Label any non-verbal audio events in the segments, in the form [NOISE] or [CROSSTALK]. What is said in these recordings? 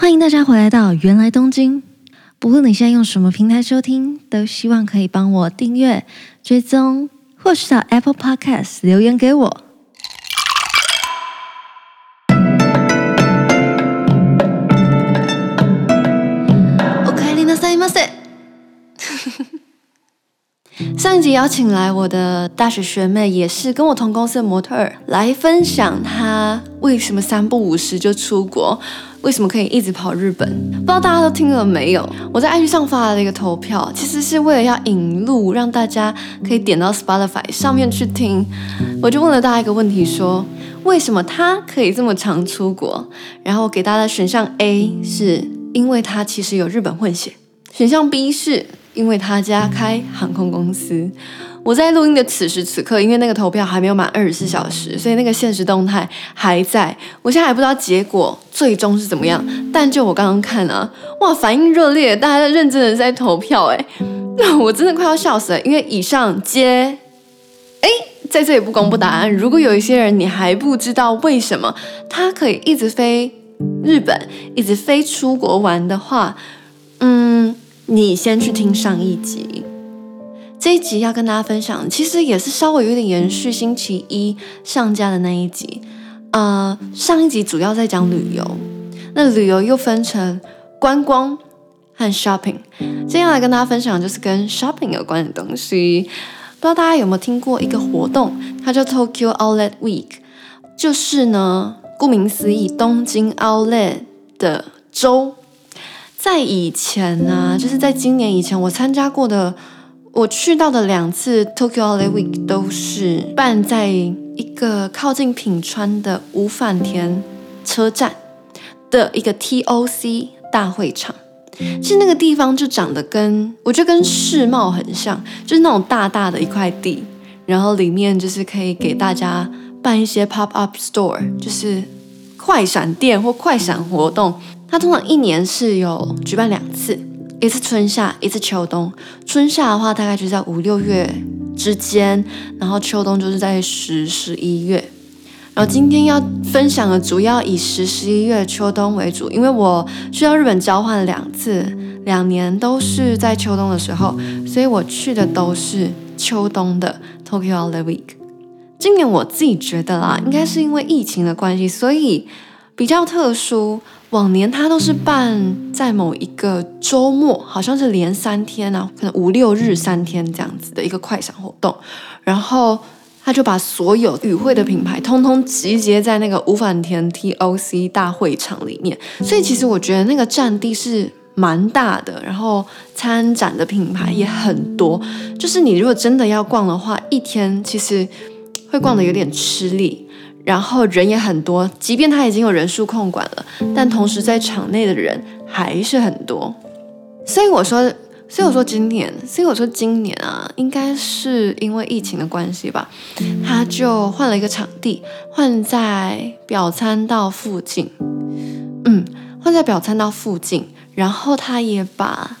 歡迎大家回來到芫來東京。不論你現在用什麼平台收聽，都希望可以幫我訂閱、追蹤，或是到 Apple Podcast 留言給我。上一集邀請來我的大學學妹，也是跟我同公司的模特，來分享她為什麼三不五十就出國，為什麼可以一直跑日本。不知道大家都聽了沒有？我在 i 劇上發了一個投票，其實是為了要引路，讓大家可以點到 Spotify 上面去聽。我就問了大家一個問題說，說為什麼她可以這麼常出國？然後給大家的選項 A 是因為她其實有日本混血，選項 B 是。因為他家開航空公司，我在錄音的此時此刻，因為那個投票還沒有滿二十四小時，所以那個限時動態還在。我現在還不知道結果最終是怎麼樣，但就我剛剛看啊，哇，反應熱烈，大家認真的在投票，那我真的快要笑死了。因為以上皆哎，在這裡不公布答案。如果有一些人你還不知道為什麼他可以一直飛日本，一直飛出國玩的話。你先去聽上一集，這一集要跟大家分享，其實也是稍微有點延續星期一上架的那一集。呃，上一集主要在講旅遊，那旅遊又分成觀光和 shopping。接下來跟大家分享就是跟 shopping 有關的東西。不知道大家有沒有聽過一個活動，它叫 Tokyo Outlet Week，就是呢，顧名思義，東京 Outlet 的周。在以前啊，就是在今年以前，我參加過的，我去到的兩次 Tokyo Outlet Week 都是辦在一個靠近品川的五反田車站的一個 T O C 大會場。其實那個地方就長得跟，我覺得跟世貿很像，就是那種大大的一塊地，然後裡面就是可以給大家辦一些 pop up store，就是快閃店或快閃活動。它通常一年是有舉辦兩次，一次春夏，一次秋冬。春夏的話大概就是在五六月之間，然後秋冬就是在十十一月。然後今天要分享的，主要以十十一月秋冬為主，因為我去到日本交換兩次，兩年都是在秋冬的時候，所以我去的都是秋冬的 Tokyo Outlet Week。今年我自己覺得啦，應該是因為疫情的關係，所以比較特殊。往年他都是辦在某一個周末，好像是連三天啊，可能五六日三天這樣子的一個快閃活動。然後他就把所有與會的品牌通通集結在那個五反田 TOC 大會場裡面，所以其實我覺得那個占地是蠻大的，然後參展的品牌也很多。就是你如果真的要逛的話，一天其實會逛得有點吃力。然後人也很多，即便他已經有人數控管了，但同時在場內的人還是很多。所以我說，所以我說今年，所以我說今年啊，應該是因為疫情的關係吧，他就換了一個場地，換在表參道附近，嗯，換在表參道附近。然後他也把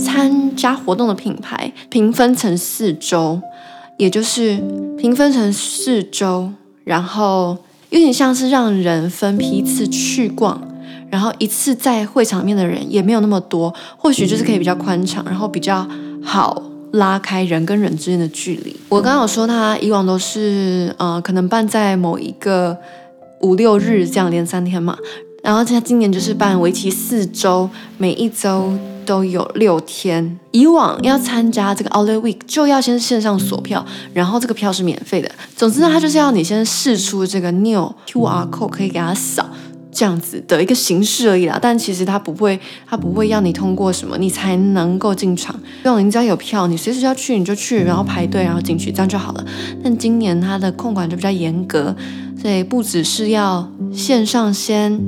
參加活動的品牌平分成四週，也就是平分成四週。然後有點像是讓人分批次去逛，然後一次在會場面的人也沒有那麼多，或許就是可以比較寬敞，然後比較好拉開人跟人之間的距離。我剛剛有說他以往都是，呃，可能辦在某一個五六日這樣連三天嘛，然後他今年就是辦為期四周，每一周，都有六天。以往要參加這個 Outlet Week，就要先線上鎖票，然後這個票是免費的。總之呢，它就是要你先試出這個 new QR code，可以給它掃，這樣子的一個形式而已啦。但其實它不會，它不會要你通過什麼，你才能夠進場。以往你只要有票，你隨時要去你就去，然後排隊然後進去，這樣就好了。但今年它的控管就比較嚴格，所以不只是要線上先。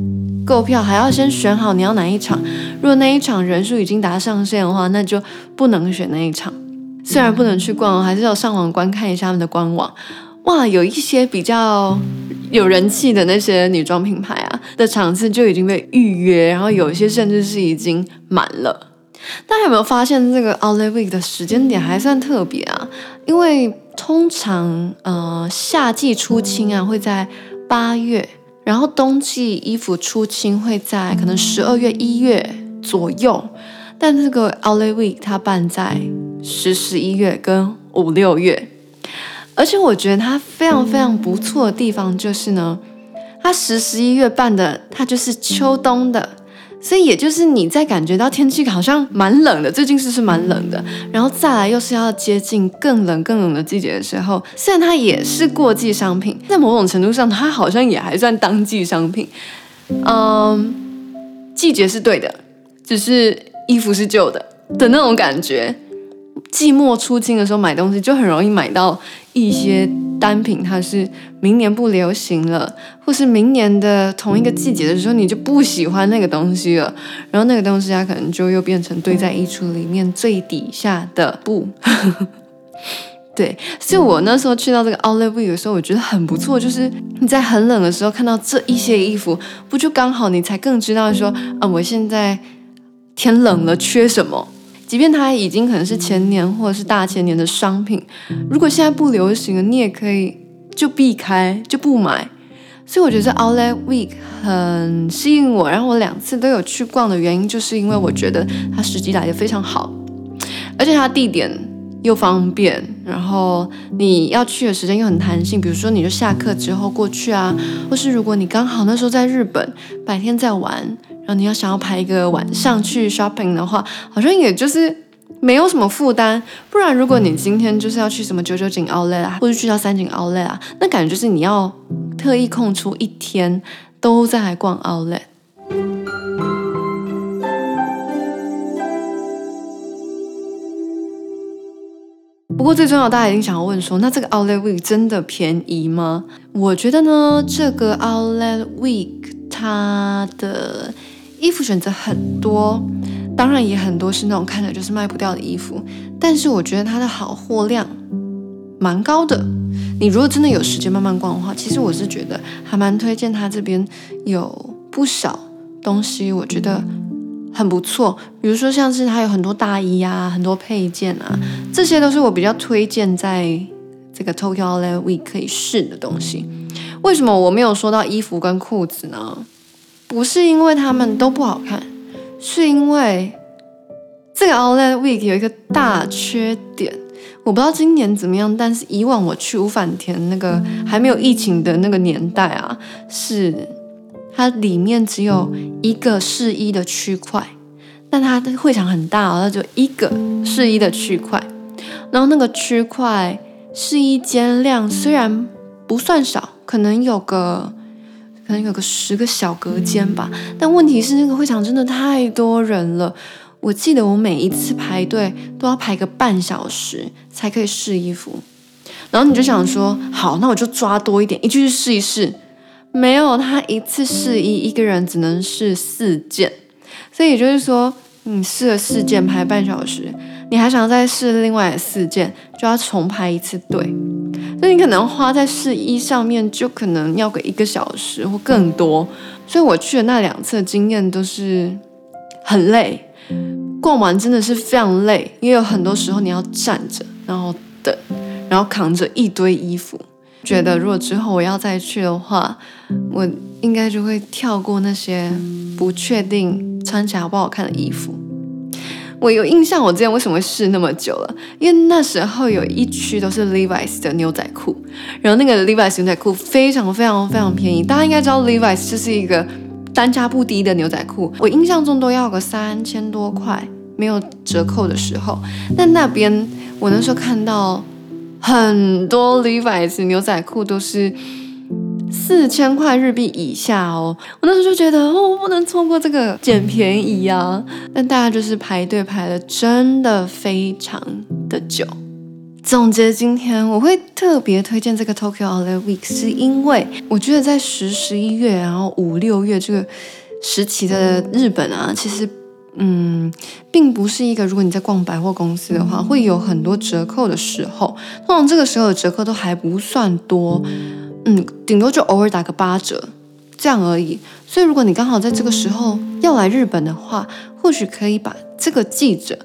購票還要先選好你要哪一場，如果那一場人數已經達到上限的話，那就不能選那一場。雖然不能去逛，還是要上網觀看一下他們的官網。哇，有一些比較有人氣的那些女裝品牌啊的場次就已經被預約，然後有一些甚至是已經滿了。大家有沒有發現這個奧萊 week 的時間點還算特別啊？因為通常呃夏季出清啊會在八月。然後冬季衣服出清會在可能十二月一月左右，但這個 Outlet Week 它辦在十十一月、跟五六月，而且我覺得它非常非常不錯的地方就是呢，它十十一月辦的，它就是秋冬的。所以也就是你在感覺到天氣好像蠻冷的，最近是是蠻冷的，然後再來又是要接近更冷更冷的季節的時候，雖然它也是過季商品，在某種程度上它好像也還算當季商品，嗯，季節是對的，只是衣服是舊的的那種感覺。季末出清的時候買東西就很容易買到一些。單品它是明年不流行了，或是明年的同一個季節的時候，你就不喜歡那個東西了，然後那個東西它可能就又變成堆在衣櫥裡面最底下的布。 [LAUGHS] 對，所以我那時候去到這個 Outlet Week 的時候，我覺得很不錯，就是你在很冷的時候看到這一些衣服，不就剛好你才更知道說啊、呃，我現在天冷了，缺什麼。即便它已經可能是前年或者是大前年的商品，如果現在不流行了，你也可以就避開就不買。所以我覺得這 Outlet Week 很吸引我，然後我兩次都有去逛的原因，就是因為我覺得它時機來得非常好，而且它地點又方便，然後你要去的時間又很彈性。比如說，你就下課之後過去啊，或是如果你剛好那時候在日本，白天在玩。然後你要想要排一個晚上去 shopping 的話，好像也就是沒有什麼負擔。不然，如果你今天就是要去什麼酒酒井 Outlet 啊，或者去到三井 Outlet 啊，那感覺就是你要特意空出一天都在逛 Outlet。不過最重要，大家一定想要問說，那這個 Outlet Week 真的便宜嗎？我覺得呢，這個 Outlet Week 它的。衣服選擇很多，當然也很多是那種看着就是賣不掉的衣服，但是我覺得它的好貨量蠻高的。你如果真的有時間慢慢逛的話，其實我是覺得還蠻推薦它這邊有不少東西，我覺得很不錯。比如說像是它有很多大衣啊，很多配件啊，這些都是我比較推薦在這個 Tokyo Outlet Week 可以試的東西。為什麼我沒有說到衣服跟褲子呢？不是因為他們都不好看，是因為這個 Outlet Week 有一個大缺點，我不知道今年怎麼樣，但是以往我去五反田那個還沒有疫情的那個年代啊，是它裡面只有一個試衣的區塊，但它會場很大哦，它就一個試衣的區塊，然後那個區塊試衣間量雖然不算少，可能有個。可能有個十個小隔間吧，但問題是那個會場真的太多人了。我記得我每一次排隊都要排個半小時才可以試衣服，然後你就想說，好，那我就抓多一點，一起去試一試。沒有，他一次試衣一個人只能試四件，所以也就是說，你試了四件，排半小時。你還想再試另外四件，就要重排一次隊。所以你可能花在試衣上面，就可能要個一個小時或更多。所以我去的那兩次經驗都是很累，逛完真的是非常累，因為有很多時候你要站着，然後等，然後扛着一堆衣服，覺得如果之後我要再去的話，我應該就會跳過那些不確定穿起來好不好看的衣服。我有印象，我之前為什麼會試那麼久了？因為那時候有一區都是 Levi's 的牛仔褲，然後那個 Levi's 牛仔褲非常非常非常便宜。大家應該知道 Levi's 就是一個單價不低的牛仔褲，我印象中都要個三千多塊，沒有折扣的時候。但那邊我那時候看到很多 Levi's 牛仔褲都是。四千塊日幣以下哦，我那時候就覺得哦，我不能錯過這個撿便宜啊。但大家就是排隊排了，真的非常的久。總結今天，我會特別推薦這個 Tokyo Outlet Week，是因為我覺得在十十一月，然後五六月這個時期的日本啊，其實嗯，並不是一個如果你在逛百貨公司的話，會有很多折扣的時候。通常這個時候的折扣都還不算多。嗯，頂多就偶爾打個八折，這樣而已。所以如果你剛好在這個時候要來日本的話，或許可以把這個記着。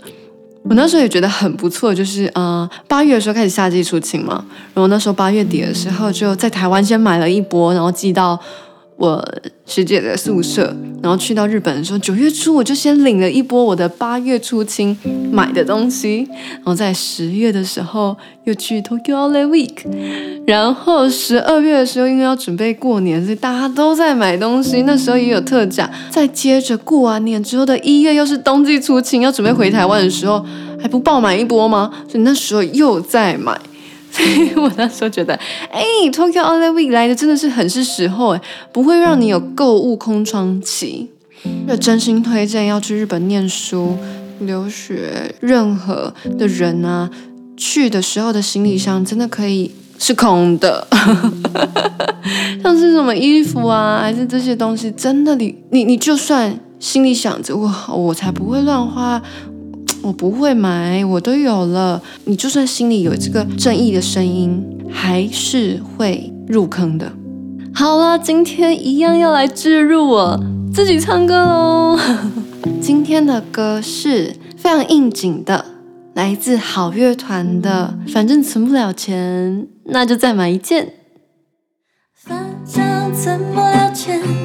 我那時候也覺得很不錯，就是啊，呃，八月的時候開始夏季出清嘛，然後那時候八月底的時候就在台灣先買了一波，然後寄到。我學姐的宿舍，然後去到日本的時候，九月初我就先領了一波我的八月初清買的東西，然後在十月的時候又去 Tokyo Outlet Week，然後十二月的時候因為要準備過年，所以大家都在買東西，那時候也有特價，再接着過完年之後的一月又是冬季出清，要準備回台灣的時候還不爆買一波嗎？所以那時候又在買。所以我那時候覺得，哎、欸、Tokyo Outlet Week 來的真的是很是時候哎、欸，不會讓你有購物空窗期。要真心推薦，要去日本念書、留學，任何的人啊，去的時候的行李箱真的可以是空的， [LAUGHS] 像是什麼衣服啊，還是這些東西，真的你你你，你就算心裡想着我，我才不會亂花。我不會買，我都有了。你就算心裡有這個正義的聲音，還是會入坑的。好啦，今天一樣要來置入我自己唱歌嘍。 [LAUGHS] 今天的歌是非常應景的，來自好樂團的。反正存不了錢，那就再買一件。反正存不了錢。